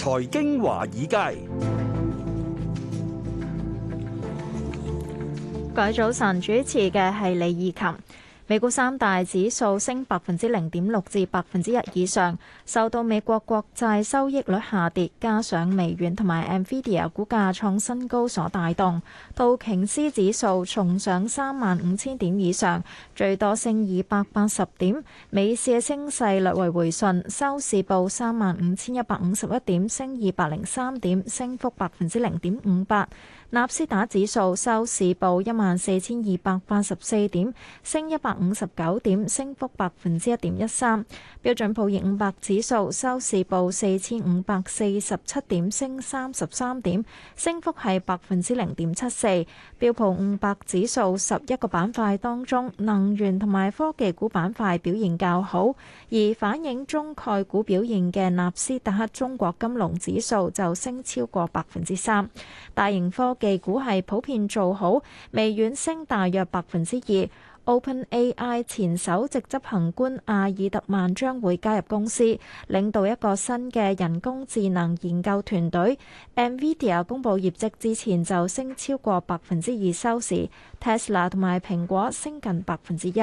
財經華爾街，各位早晨，主持嘅係李義琴。美股三大指數升百分之零點六至百分之一以上，受到美國國債收益率下跌，加上微軟同埋 NVIDIA 股價創新高所帶動。道瓊斯指數重上三萬五千點以上，最多升二百八十點。美市嘅升勢略為回順，收市報三萬五千一百五十一點，升二百零三點，升幅百分之零點五八。納斯達指數收市報一萬四千二百八十四點，升一百。五十九點，升幅百分之一點一三。標準普爾五百指數收市報四千五百四十七點，升三十三點，升幅係百分之零點七四。標普五百指數十一個板塊當中，能源同埋科技股板塊表現較好，而反映中概股表現嘅納斯達克中國金融指數就升超過百分之三。大型科技股係普遍做好，微軟升大約百分之二。OpenAI 前首席執行官阿爾特曼將會加入公司，領導一個新嘅人工智能研究團隊。NVIDIA 公佈業績之前就升超過百分之二收市，Tesla 同埋蘋果升近百分之一。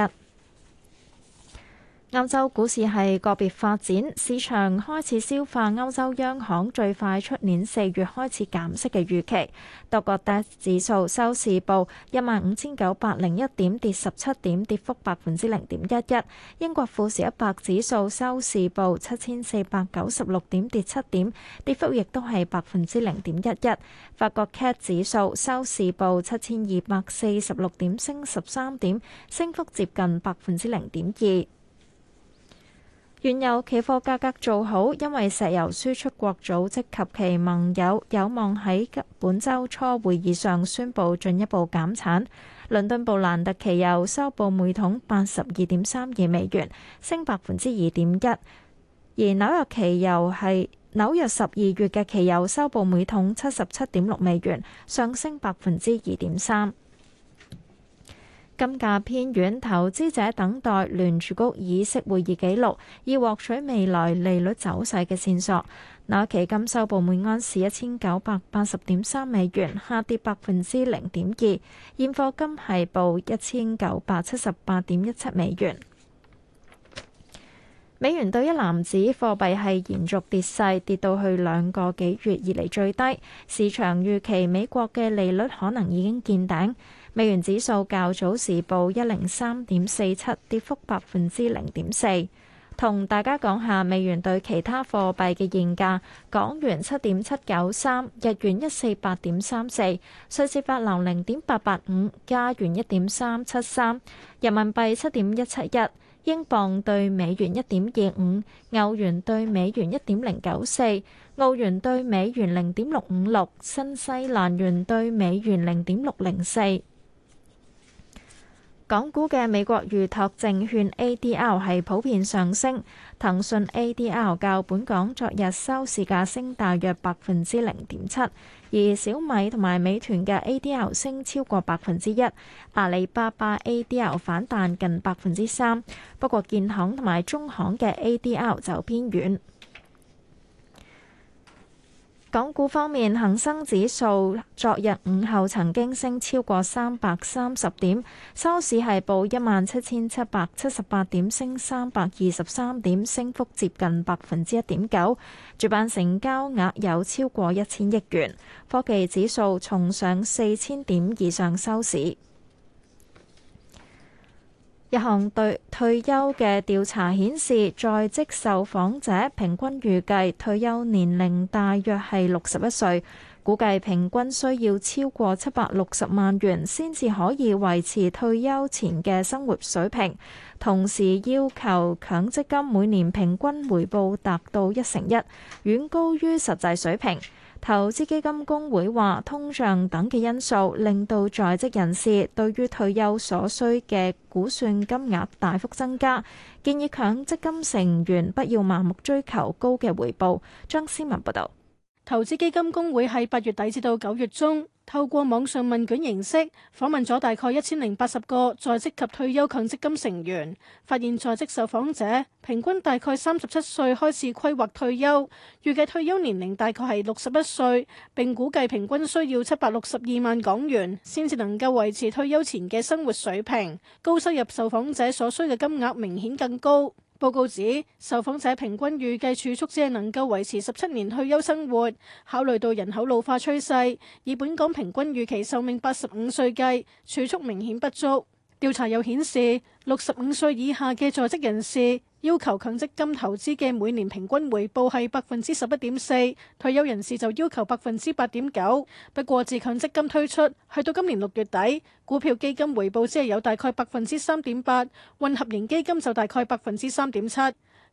歐洲股市係個別發展，市場開始消化歐洲央行最快出年四月開始減息嘅預期。德國 DAX 指數收市報一萬五千九百零一點，跌十七點，跌幅百分之零點一一。英國富時一百指數收市報七千四百九十六點，跌七點，跌幅亦都係百分之零點一一。法國 cat 指數收市報七千二百四十六點，升十三點，升幅接近百分之零點二。原油期貨價格做好，因為石油輸出國組織及其盟友有望喺本週初會議上宣布進一步減產。倫敦布蘭特期油收報每桶八十二點三二美元，升百分之二點一；而紐約期油係紐約十二月嘅期油收報每桶七十七點六美元，上升百分之二點三。金價偏軟，投資者等待聯儲局議息會議記錄，以獲取未來利率走勢嘅線索。那期金收報每盎司一千九百八十點三美元，下跌百分之零點二。現貨金係報一千九百七十八點一七美元。美元兌一籃子貨幣係延續跌勢，跌到去兩個幾月以嚟最低。市場預期美國嘅利率可能已經見頂。美元指數較早時報一零三點四七，跌幅百分之零點四。同大家講下美元對其他貨幣嘅現價：港元七點七九三，日元一四八點三四，瑞士法郎零點八八五，加元一點三七三，人民幣七點一七一，英鎊對美元一點二五，歐元對美元一點零九四，澳元對美元零點六五六，新西蘭元對美元零點六零四。港股嘅美國預託證券 ADR 係普遍上升，騰訊 ADR 較本港昨日收市價升大約百分之零點七，而小米同埋美團嘅 ADR 升超過百分之一，阿里巴巴 ADR 反彈近百分之三，不過建行同埋中行嘅 ADR 就偏軟。港股方面，恒生指數昨日午後曾經升超過三百三十點，收市係報一萬七千七百七十八點，升三百二十三點，升幅接近百分之一點九。主板成交額有超過一千億元。科技指數重上四千點以上收市。一項對退休嘅調查顯示，在職受訪者平均預計退休年齡大約係六十一歲，估計平均需要超過七百六十萬元先至可以維持退休前嘅生活水平，同時要求強積金每年平均回報達到一成一，遠高於實際水平。投資基金公會話，通脹等嘅因素令到在職人士對於退休所需嘅估算金額大幅增加，建議強積金成員不要盲目追求高嘅回報。張思文報導。投資基金公會喺八月底至到九月中，透過網上問卷形式訪問咗大概一千零八十個在職及退休強積金成員，發現在職受訪者平均大概三十七歲開始規劃退休，預計退休年齡大概係六十一歲，並估計平均需要七百六十二萬港元先至能夠維持退休前嘅生活水平。高收入受訪者所需嘅金額明顯更高。報告指，受訪者平均預計儲蓄只係能夠維持十七年退休生活。考慮到人口老化趨勢，以本港平均預期壽命八十五歲計，儲蓄明顯不足。調查又顯示，六十五歲以下嘅在職人士，要求強積金投資嘅每年平均回報係百分之十一點四，退休人士就要求百分之八點九。不過自強積金推出，去到今年六月底，股票基金回報只係有大概百分之三點八，混合型基金就大概百分之三點七。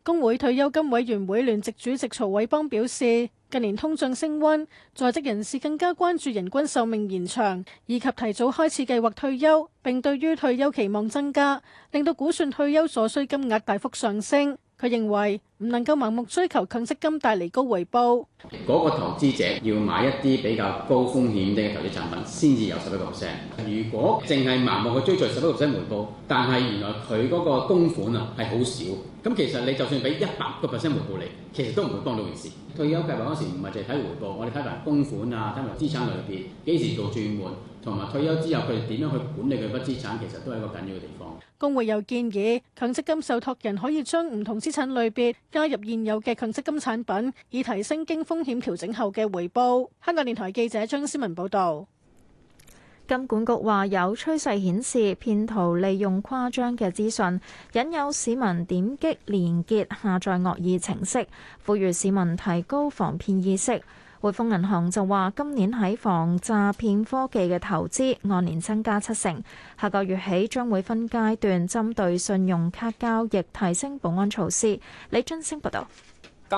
工會退休金委員會聯席主席曹偉邦表示。近年通脹升溫，在職人士更加關注人均壽命延長以及提早開始計劃退休，並對於退休期望增加，令到估算退休所需金額大幅上升。佢認為唔能夠盲目追求強積金帶嚟高回報。嗰個投資者要買一啲比較高風險嘅投資產品，先至有十一個 percent。如果淨係盲目去追隨十一個 percent 回報，但係原來佢嗰個供款啊係好少。咁其實你就算俾一百個 percent 回報你，其實都唔會幫到件事。退休計劃嗰時唔係淨係睇回報，我哋睇埋供款啊，睇埋資產類別，幾時做轉換，同埋退休之後佢哋點樣去管理佢筆資產，其實都係一個緊要嘅地方。公會又建議，強積金受託人可以將唔同資產類別加入現有嘅強積金產品，以提升經風險調整後嘅回報。香港電台記者張思文報道。金管局話有趨勢顯示，騙徒利用誇張嘅資訊引誘市民點擊連結下載惡意程式，呼籲市民提高防騙意識，匯豐銀行就話今年喺防詐騙科技嘅投資按年增加七成，下個月起將會分階段針對信用卡交易提升保安措施。李津升報道。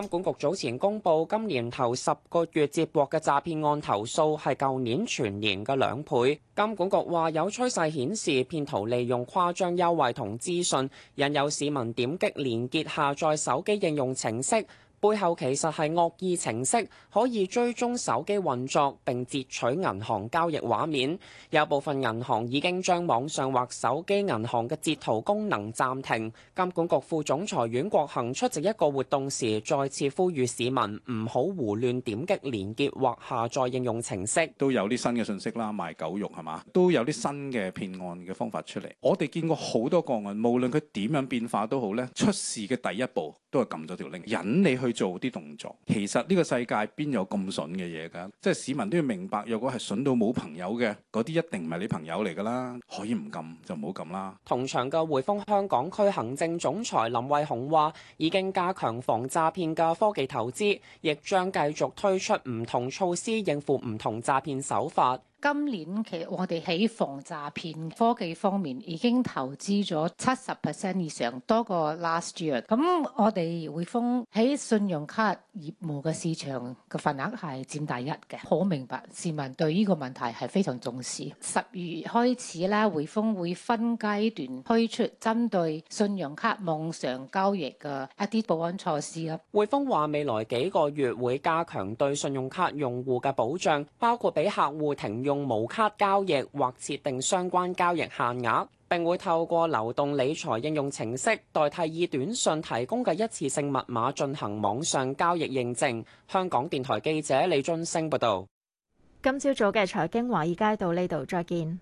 金管局早前公布，今年頭十個月接獲嘅詐騙案投訴係舊年全年嘅兩倍。金管局話，有趨勢顯示，騙徒利用誇張優惠同資訊引誘市民點擊連結下載手機應用程式。背後其實係惡意程式，可以追蹤手機運作並截取銀行交易畫面。有部分銀行已經將網上或手機銀行嘅截圖功能暫停。監管局副總裁阮國恒出席一個活動時，再次呼籲市民唔好胡亂點擊連結或下載應用程式。都有啲新嘅信息啦，賣狗肉係嘛？都有啲新嘅騙案嘅方法出嚟。我哋見過好多個案，無論佢點樣變化都好呢出事嘅第一步都係撳咗條 link 引你去。去做啲動作，其實呢個世界邊有咁笋嘅嘢噶，即係市民都要明白，若果係笋到冇朋友嘅嗰啲，一定唔係你朋友嚟噶啦，可以唔撳就唔好撳啦。同場嘅匯豐香港區行政總裁林慧虹話，已經加強防詐騙嘅科技投資，亦將繼續推出唔同措施應付唔同詐騙手法。今年其實我哋喺防詐騙科技方面已經投資咗七十 percent 以上多過 last year。咁我哋匯豐喺信用卡業務嘅市場嘅份額係佔第一嘅。好明白市民對呢個問題係非常重視，十二月開始啦，匯豐會分階段推出針對信用卡網上交易嘅一啲保安措施啊。匯豐話未來幾個月會加強對信用卡用戶嘅保障，包括俾客戶停，用無卡交易或設定相關交易限額，並會透過流動理財應用程式代替以短信提供嘅一次性密碼進行網上交易認證。香港電台記者李津升報道。今朝早嘅財經華爾街到呢度，再見。